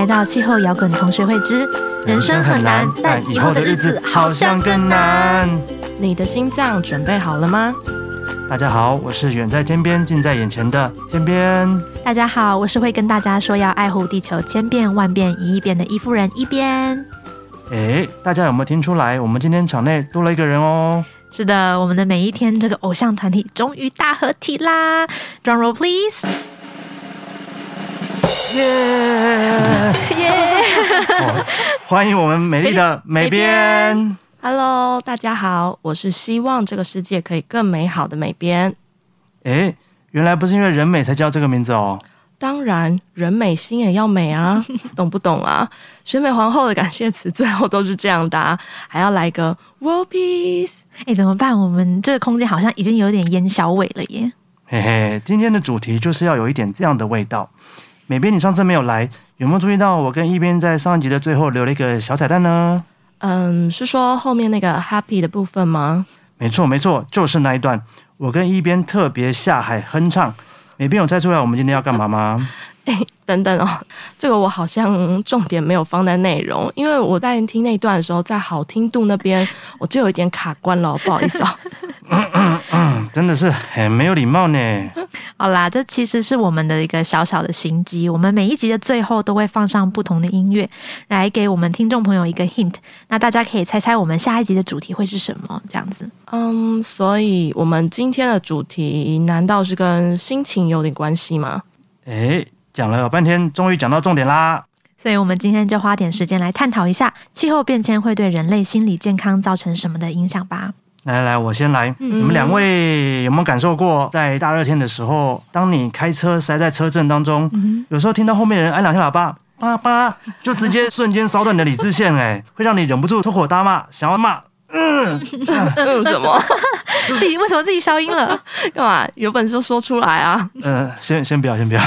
來到氣候搖滾同學會之，人生很難、難，但以後的日子好像更難。你的心臟準備好了嗎？大家好，我是遠在天邊近在眼前的天邊。大家好，我是會跟大家說要愛護地球千遍萬遍一億遍的一夫人一邊。誒，大家有沒有聽出來？我們今天場內多了一個人哦。是的，我們的每一天，這個偶像團體終於大合體啦！Drumroll please！Yeah、 耶！Oh, 歡迎我們美麗的美編。 Hello，大家好，我是希望這個世界可以更美好的美編、欸。原來不是因為人美才叫這個名字哦。當然，人美心也要美啊， 懂不懂啊？選美皇後的感謝詞最後都是這樣的、啊，還要來個 World Peace。哎、欸，怎麼辦？我們這個空間好像已經有點煙小尾了耶。嘿、欸、嘿，今天的主題就是要有一點這樣的味道。美編，你上次沒有來，有沒有注意到我跟一邊在上一集的最後留了一個小彩蛋呢？嗯，是說後面那個 happy 的部分嗎？沒錯，沒錯，就是那一段，我跟一邊特別下海哼唱。美編，有猜出來我們今天要幹嘛嗎 、欸？等等哦，這個我好像重點沒有放在內容，因為我在聽那一段的時候，在好聽度那邊我就有一點卡關了， 不好意思哦。嗯嗯嗯、真的是很沒有禮貌呢。好啦，這其實是我們的一個小小的心機。我們每一集的最後都會放上不同的音樂，來給我們聽眾朋友一個 hint。那大家可以猜猜我們下一集的主題會是什麼？這樣子。嗯，um，所以我們今天的主題難道是跟心情有點關係嗎？誒，講了有半天，終於講到重點啦。所以我們今天就花點時間來探討一下，氣候變遷會對人類心理健康造成什麼的影響吧。來，來來，我先來。嗯、你們兩位有沒有感受過，在大熱天的時候，當你開車塞在車陣當中、嗯，有時候聽到後面人按兩下喇叭，叭，叭叭，就直接瞬間燒斷你的理智線，哎， 會讓你忍不住脫口大罵，想要罵，嗯、呃，嗯什麼？自 己 為什麼自己消音了？幹 嘛？有本事就說出來啊！嗯 呃，先先不要，先不要。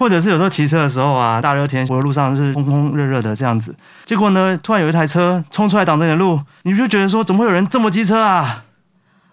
或者是有時候騎車的時候啊，大熱天，我的路上是烘烘熱熱的這樣子。結果呢，突然有一台車衝出來擋着你的路，你就覺得說，怎麼會有人這麼機車啊？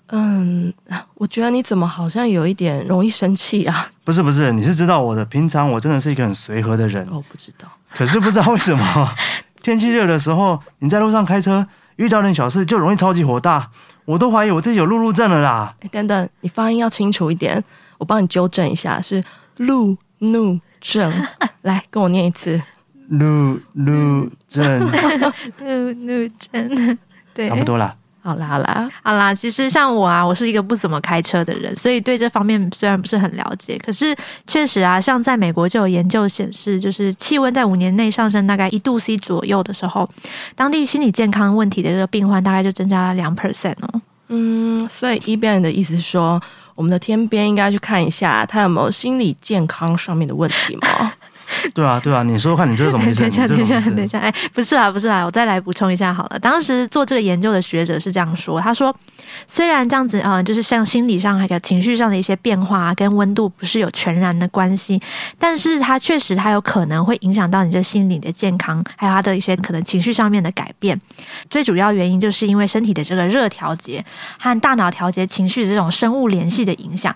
嗯，我覺得你怎麼好像有一點容易生氣啊？不是不是，你是知道我的，平常我真的是一個很隨和的人。哦，不知道。可是不知道為什麼， 天氣熱的時候，你在路上開車遇到點小事就容易超級火大，我都懷疑我自己有路怒症了啦。等等，你發音要清楚一點，我幫你糾正一下，是路。怒症， 來跟我念一次。怒怒症，怒怒症， 怒怒症差不多啦。好啦，好啦，好啦。其實像我啊，我是一個不怎麼開車的人，所以對這方面雖然不是很了解，可是確實啊，像在美國就有研究顯示，就是氣溫在五年內上升大概一度 C 左右的時候，當地心理健康問題的這個病患大概就增加了兩 percent 哦。嗯，所以一邊的意思說。我們的美編應該去看一下，他有沒有心理健康上面的問題嗎？ 對啊，對啊，你說說看你這是什麼意思？等一下，等一下，等一下。哎，不是啊，不是啊，我再來補充一下好了。當時做這個研究的學者是這樣說：他說，雖然這樣子，嗯、呃，就是像心理上還有情緒上的一些變化，啊，跟溫度不是有全然的關係，但是它確實它有可能會影響到你這心理的健康，還有它的一些可能情緒上面的改變。最主要原因就是因為身體的這個熱調節和大腦調節情緒的這種生物聯繫的影響。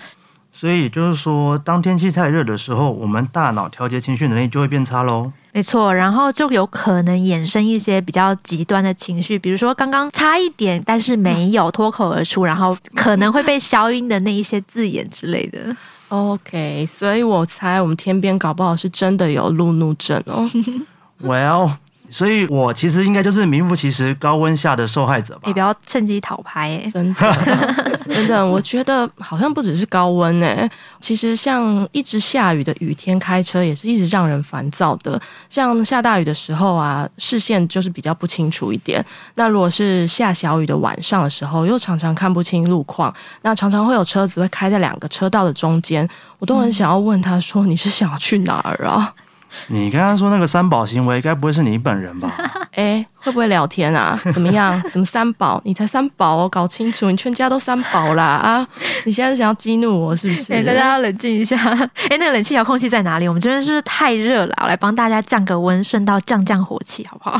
所以就是說，當天氣太熱的時候，我們大腦調節情緒能力就會變差嘍。沒錯，然後就有可能衍生一些比較極端的情緒，比如說剛剛差一點，但是沒有脫口而出，然後可能會被消音的那一些字眼之類的。 OK，所以我猜我們天邊搞不好是真的有路怒症哦。 Well。所以我其實應該就是名副其實高溫下的受害者吧。你不要趁機討拍、欸，真的，啊， 真的。我覺得好像不只是高溫誒、欸，其實像一直下雨的雨天開車也是一直讓人煩躁的。像下大雨的時候啊，視線就是比較不清楚一點。那如果是下小雨的晚上的時候，又常常看不清路況，那常常會有車子會開在兩個車道的中間。我都很想要問他說：“你是想要去哪兒啊？” 你剛剛說那個三寶行為，該不會是你本人吧？哎， 會不會聊天啊？怎麼樣？什麼三寶？你才三寶哦！搞清楚，你全家都三寶啦。啊！你現在是想要激怒我是不是？誒，大家冷靜一下。哎，那個冷氣遙控器在哪裡？我們這邊是不是太熱了？我來幫大家降個溫，順道降降火氣，好不好？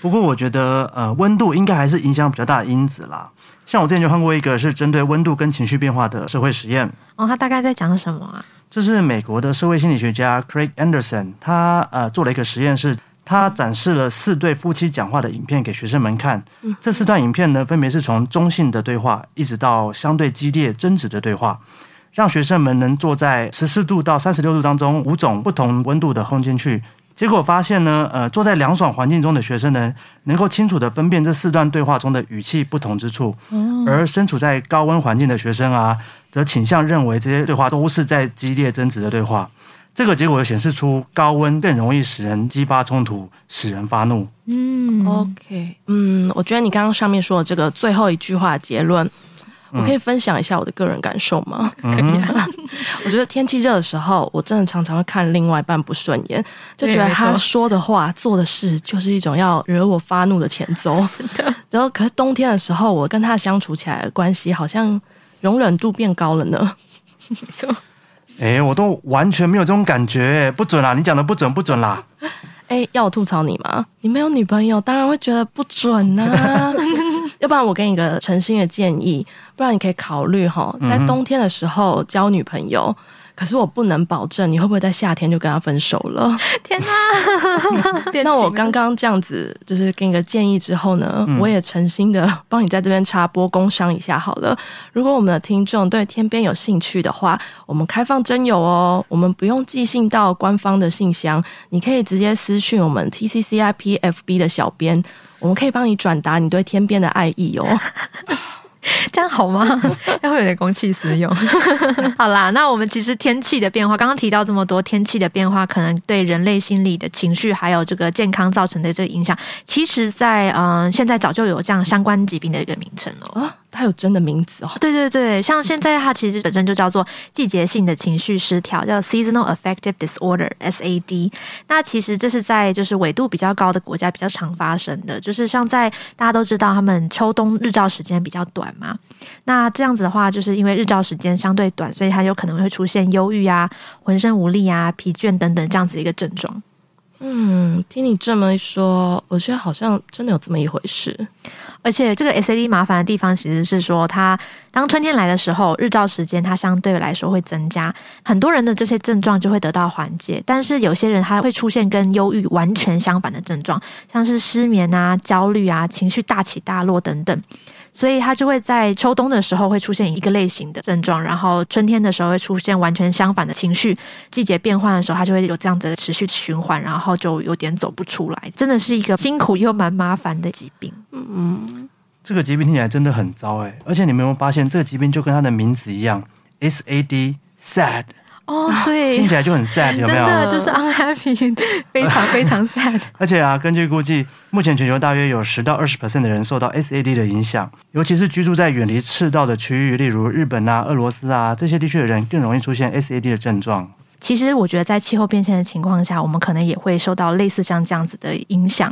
不過我覺得，呃，溫度應該還是影響比較大的因子啦。像我之前就看過一個是針對溫度跟情緒變化的社會實驗哦，他大概在講什麼啊？這是美國的社會心理學家 Craig Anderson，他呃做了一個實驗，是他展示了四對夫妻講話的影片給學生們看。這四段影片呢，分別是從中性的對話一直到相對激烈爭執的對話，讓學生們能坐在十四度到三十六度當中五種不同溫度的空間去。結果發現呢，呃，坐在涼爽環境中的學生呢，能夠清楚地分辨這四段對話中的語氣不同之處，嗯。而身處在高溫環境的學生啊，則傾向認為這些對話都是在激烈爭執的對話。這個結果就顯示出高溫更容易使人激發衝突，使人發怒。嗯，OK，嗯，我覺得你剛剛上面說的這個最後一句話的結論。我可以分享一下我的個人感受嗎？可、嗯、以。 我覺得天氣熱的時候，我真的常常看另外一半不順眼，就覺得他說的話、做的事就是一種要惹我發怒的前奏。然後，可是冬天的時候，我跟他相處起來的關係好像容忍度變高了呢。哎、欸，我都完全沒有這種感覺、欸，不準啦！你講的不準，不準啦！哎、欸，要我吐槽你嗎？你沒有女朋友，當然會覺得不準呢、啊。 要不然我給你一個誠心的建議，不然你可以考慮哈，在冬天的時候交女朋友。嗯哼。可是我不能保證你會不會在夏天就跟他分手了。天哪！ 那我剛剛這樣子就是給你個建議之後呢，嗯、我也誠心的幫你在這邊插播工商一下好了。如果我們的聽眾對天邊有興趣的話，我們開放徵友哦。我們不用寄信到官方的信箱，你可以直接私訊我們 T C C I P F B 的小編，我們可以幫你轉達你對天邊的愛意哦。 這樣好嗎？這 會有點公器私用。 好啦，那我們其實天氣的變化，剛剛提到這麼多天氣的變化，可能對人類心理的情緒還有這個健康造成的這個影響，其實在，在、呃、嗯，現在早就有這樣相關疾病的一個名稱了喔。它有真的名字哦，對對對，像現在它其實本身就叫做季節性的情緒失調，叫 seasonal affective disorder（SAD）。那其實這是在就是緯度比較高的國家比較常發生的，就是像在大家都知道他們秋冬日照時間比較短嘛，那這樣子的話，就是因為日照時間相對短，所以他有可能會出現憂鬱啊、渾身無力啊、疲倦等等這樣子一個症狀。嗯，聽你這麼一說，我覺得好像真的有這麼一回事。而且，這個 SAD 麻煩的地方其實是說，它當春天來的時候，日照時間它相對來說會增加，很多人的這些症狀就會得到緩解。但是，有些人他會出現跟憂鬱完全相反的症狀，像是失眠啊、焦慮啊、情緒大起大落等等。所以它就會在秋冬的時候會出現一個類型的症狀，然後春天的時候會出現完全相反的情緒。季節變換的時候，它就會有這樣的持續循環，然後就有點走不出來。真的是一個辛苦又蠻麻煩的疾病。嗯嗯，這個疾病聽起來真的很糟誒，而且你們有沒有發現，這個疾病就跟它的名字一樣，SAD，Sad。哦，對，聽起來就很 sad，有沒有？真的，就是 unhappy，非常非常 sad 。而且啊，根據估計，目前全球大約有十到二十 percent 的人受到 SAD 的影響，尤其是居住在遠離赤道的區域，例如日本啊、俄羅斯啊這些地區的人，更容易出現 SAD 的症狀。其實我覺得，在氣候變遷的情況下，我們可能也會受到類似像這樣子的影響。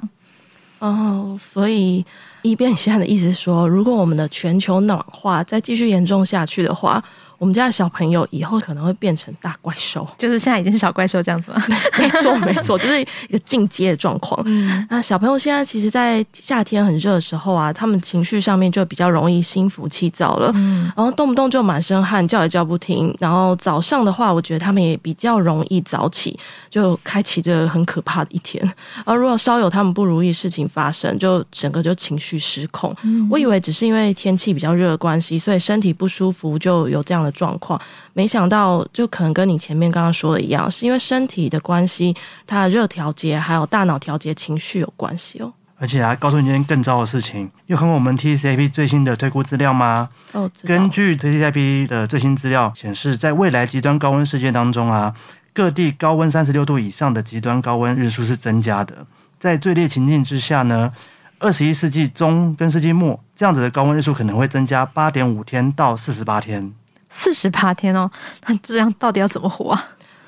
哦，所以一邊先生的意思說，如果我們的全球暖化再繼續嚴重下去的話，我們家的小朋友以後可能會變成大怪獸，就是現在已經是小怪獸這樣子了。 沒錯，沒錯，就是一個進階的狀況。嗯，那小朋友現在其實，在夏天很熱的時候啊，他們情緒上面就比較容易心浮氣躁了。嗯，然後動不動就滿身汗，叫也叫不停。然後早上的話，我覺得他們也比較容易早起，就開啟這很可怕的一天。而如果稍有他們不如意事情發生，就整個就情緒失控。嗯，我以為只是因為天氣比較熱的關係，所以身體不舒服就有這樣的狀況，沒想到就可能跟你前面剛剛說的一樣，是因為身體的關係，它的熱調節還有大腦調節情緒有關係哦。而且還告訴你一件更糟的事情，有看過我們 TCCIP 最新的推估資料嗎？哦，根據 TCCIP 的最新資料顯示，在未來極端高溫世界當中啊，各地高溫三十六度以上的極端高溫日數是增加的。在最烈情境之下呢，二十一世紀中跟世紀末這樣子的高溫日數可能會增加八點五天到四十八天。四十八天哦，那這樣到底要怎麼活啊？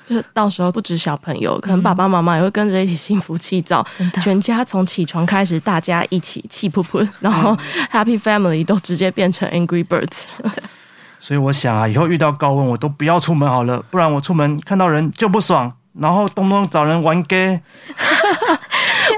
就是到時候不止小朋友，可能爸爸媽媽也會跟着一起心浮氣躁、嗯，全家從起床開始，大家一起氣噗噗，然後 happy family 都直接變成 angry birds。嗯、 所以我想啊，以後遇到高溫我都不要出門好了，不然我出門看到人就不爽，然後東東找人玩 gay。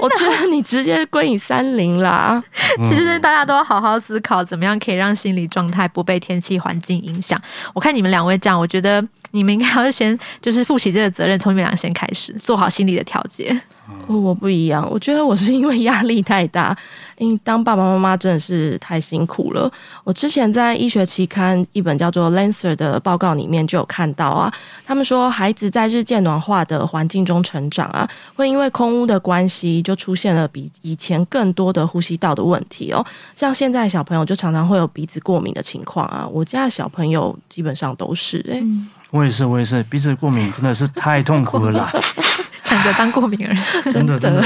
我覺得你直接歸隱山林啦，其實是大家都要好好思考，怎麼樣可以讓心理狀態不被天氣環境影響。我看你們兩位這樣，我覺得你們應該要先就是負起這個責任，從你們倆先開始做好心理的調節。哦、我不一樣，我覺得我是因為壓力太大，因、欸、為當爸爸媽媽真的是太辛苦了。我之前在醫學期刊一本叫做《Lancer》的報告裡面就有看到啊，他們說孩子在日漸暖化的環境中成長啊，會因為空污的關係就出現了比以前更多的呼吸道的問題哦。像現在小朋友就常常會有鼻子過敏的情況啊，我家的小朋友基本上都是哎、欸，我也是，我也是鼻子過敏，真的是太痛苦了。啦。 搶着當過敏人， 真的真。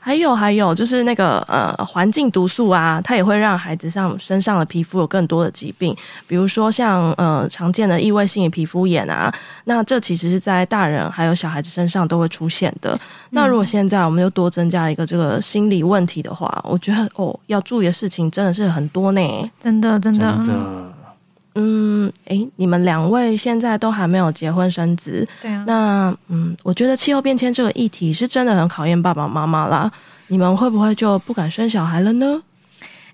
還有還有，就是那個呃，環境毒素啊，它也會讓孩子上身上的皮膚有更多的疾病，比如說像呃常見的異位性的皮膚炎啊，那這其實是在大人還有小孩子身上都會出現的。嗯、那如果現在我們又多增加一個這個心理問題的話，我覺得哦，要注意的事情真的是很多呢、欸，真的真的，真的。嗯，誒、欸，你們兩位現在都還沒有結婚生子，對啊，那嗯，我覺得氣候變遷這個議題是真的很考驗爸爸媽媽啦。你們會不會就不敢生小孩了呢？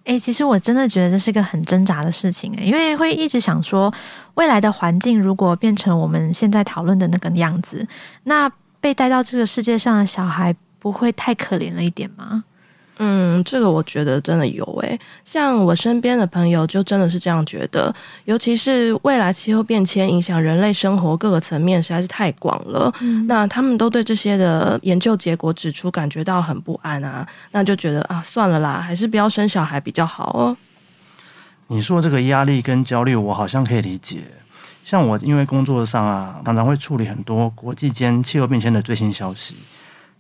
誒、欸，其實我真的覺得這是個很掙扎的事情、欸，因為會一直想說，未來的環境如果變成我們現在討論的那個樣子，那被帶到這個世界上的小孩不會太可憐了一點嗎？嗯，這個我覺得真的有誒、欸，像我身邊的朋友就真的是這樣覺得，尤其是未來氣候變遷影響人類生活各個層面，實在是太廣了。嗯。那他們都對這些的研究結果指出，感覺到很不安啊，那就覺得啊，算了啦，還是不要生小孩比較好哦、喔。你說這個壓力跟焦慮，我好像可以理解。像我因為工作上啊，常常會處理很多國際間氣候變遷的最新消息。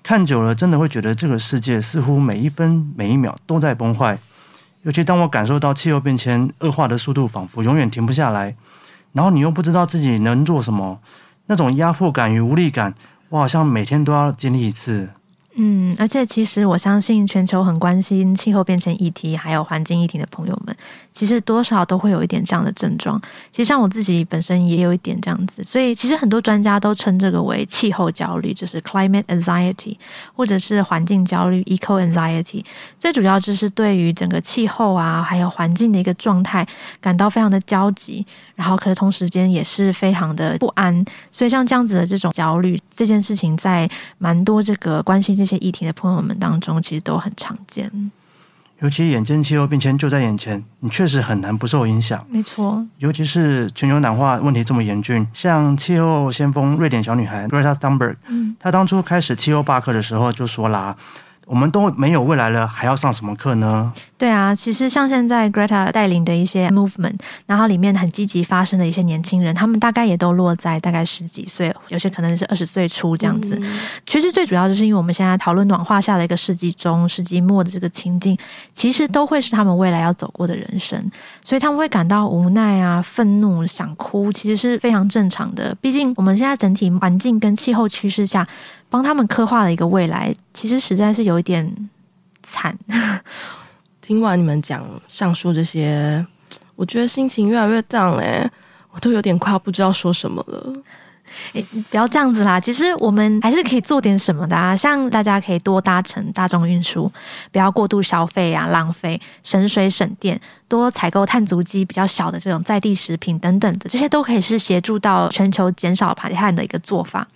看久了，真的會覺得這個世界似乎每一分每一秒都在崩壞。尤其當我感受到氣候變遷惡化的速度仿佛永遠停不下來，然後你又不知道自己能做什麼，那種壓迫感與無力感，我好像每天都要經歷一次。嗯，而且其實我相信，全球很關心氣候變遷議題，還有環境議題的朋友們，其實多少都會有一點這樣的症狀。其實像我自己本身也有一點這樣子，所以其實很多專家都稱這個為氣候焦慮，就是 climate anxiety，或者是環境焦慮 eco anxiety。最主要就是對於整個氣候啊，還有環境的一個狀態，感到非常的焦急，然後可是同時間也是非常的不安。所以像這樣子的這種焦慮這件事情，在蠻多這個關係。這些議題的朋友們當中，其實都很常見。尤其，眼見氣候變遷就在眼前，你確實很難不受影響。沒錯，尤其是全球暖化問題這麼嚴峻，像氣候先鋒瑞典小女孩 Greta Thunberg，嗯，她當初開始氣候罷課的時候就說啦。我們都沒有未來了，還要上什麼課呢？對啊，其實像現在 Greta 帶領的一些 movement，然後裡面很積極發聲的一些年輕人，他們大概也都落在大概十幾歲，有些可能是二十歲初這樣子。其實最主要就是因為我們現在討論暖化下的一個世紀中世紀末的這個情境，其實都會是他們未來要走過的人生，所以他們會感到無奈啊、憤怒、想哭，其實是非常正常的。畢竟我們現在整體環境跟氣候趨勢下，幫他們刻畫了一個未來，其實實在是有一點慘。 聽完你們講上述這些，我覺得心情越來越 down 哎、欸，我都有點快要不知道說什麼了。哎、欸，你不要這樣子啦，其實我們還是可以做點什麼的啊，像大家可以多搭乘大眾運輸，不要過度消費啊，浪費，省水省電，多採購碳足跡比較小的這種在地食品等等的，這些都可以是協助到全球減少排碳的一個做法。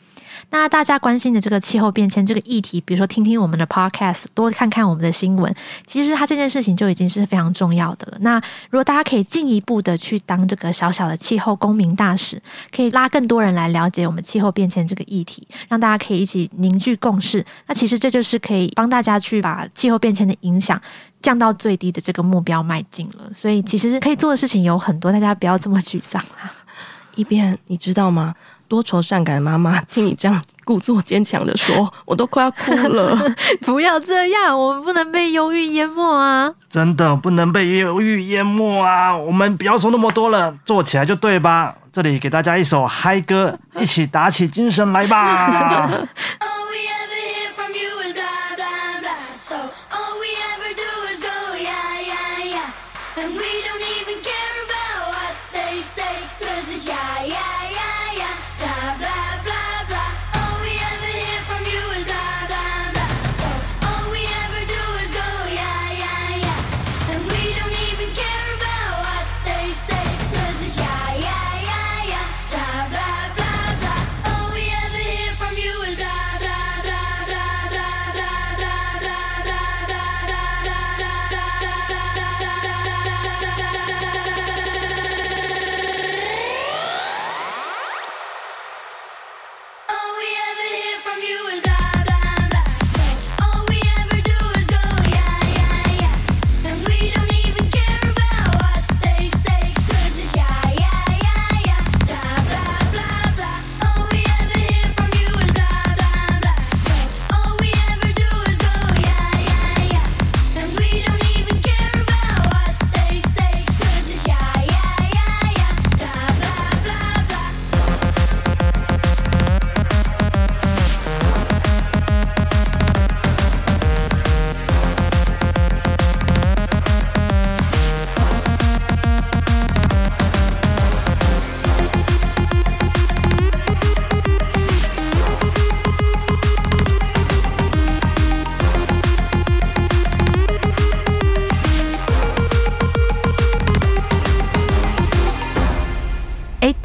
那大家關心的這個氣候變遷這個議題，比如說聽聽我們的 podcast，多看看我們的新聞，其實它這件事情就已經是非常重要的了，那如果大家可以進一步的去當這個小小的氣候公民大使，可以拉更多人來了解我們氣候變遷這個議題，讓大家可以一起凝聚共識，那其實這就是可以幫大家去把氣候變遷的影響降到最低的這個目標邁進了。所以其實可以做的事情有很多，大家不要這麼沮喪。 一邊你知道嗎？多愁善感的媽媽，聽你這樣故作堅強的說，我都快要哭了。 不要這樣，我們不能被憂鬱淹沒啊！真的不能被憂鬱淹沒啊！我們不要說那麼多了，做起來就對吧？這裡給大家一首嗨歌， 一起打起精神來吧！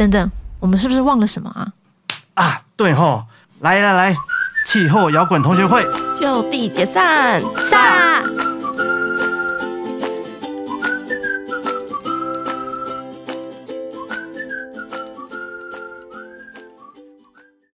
等等，我們是不是忘了什麼啊？啊，對吼，來來來，氣候搖滾同學會就地解散，散。炸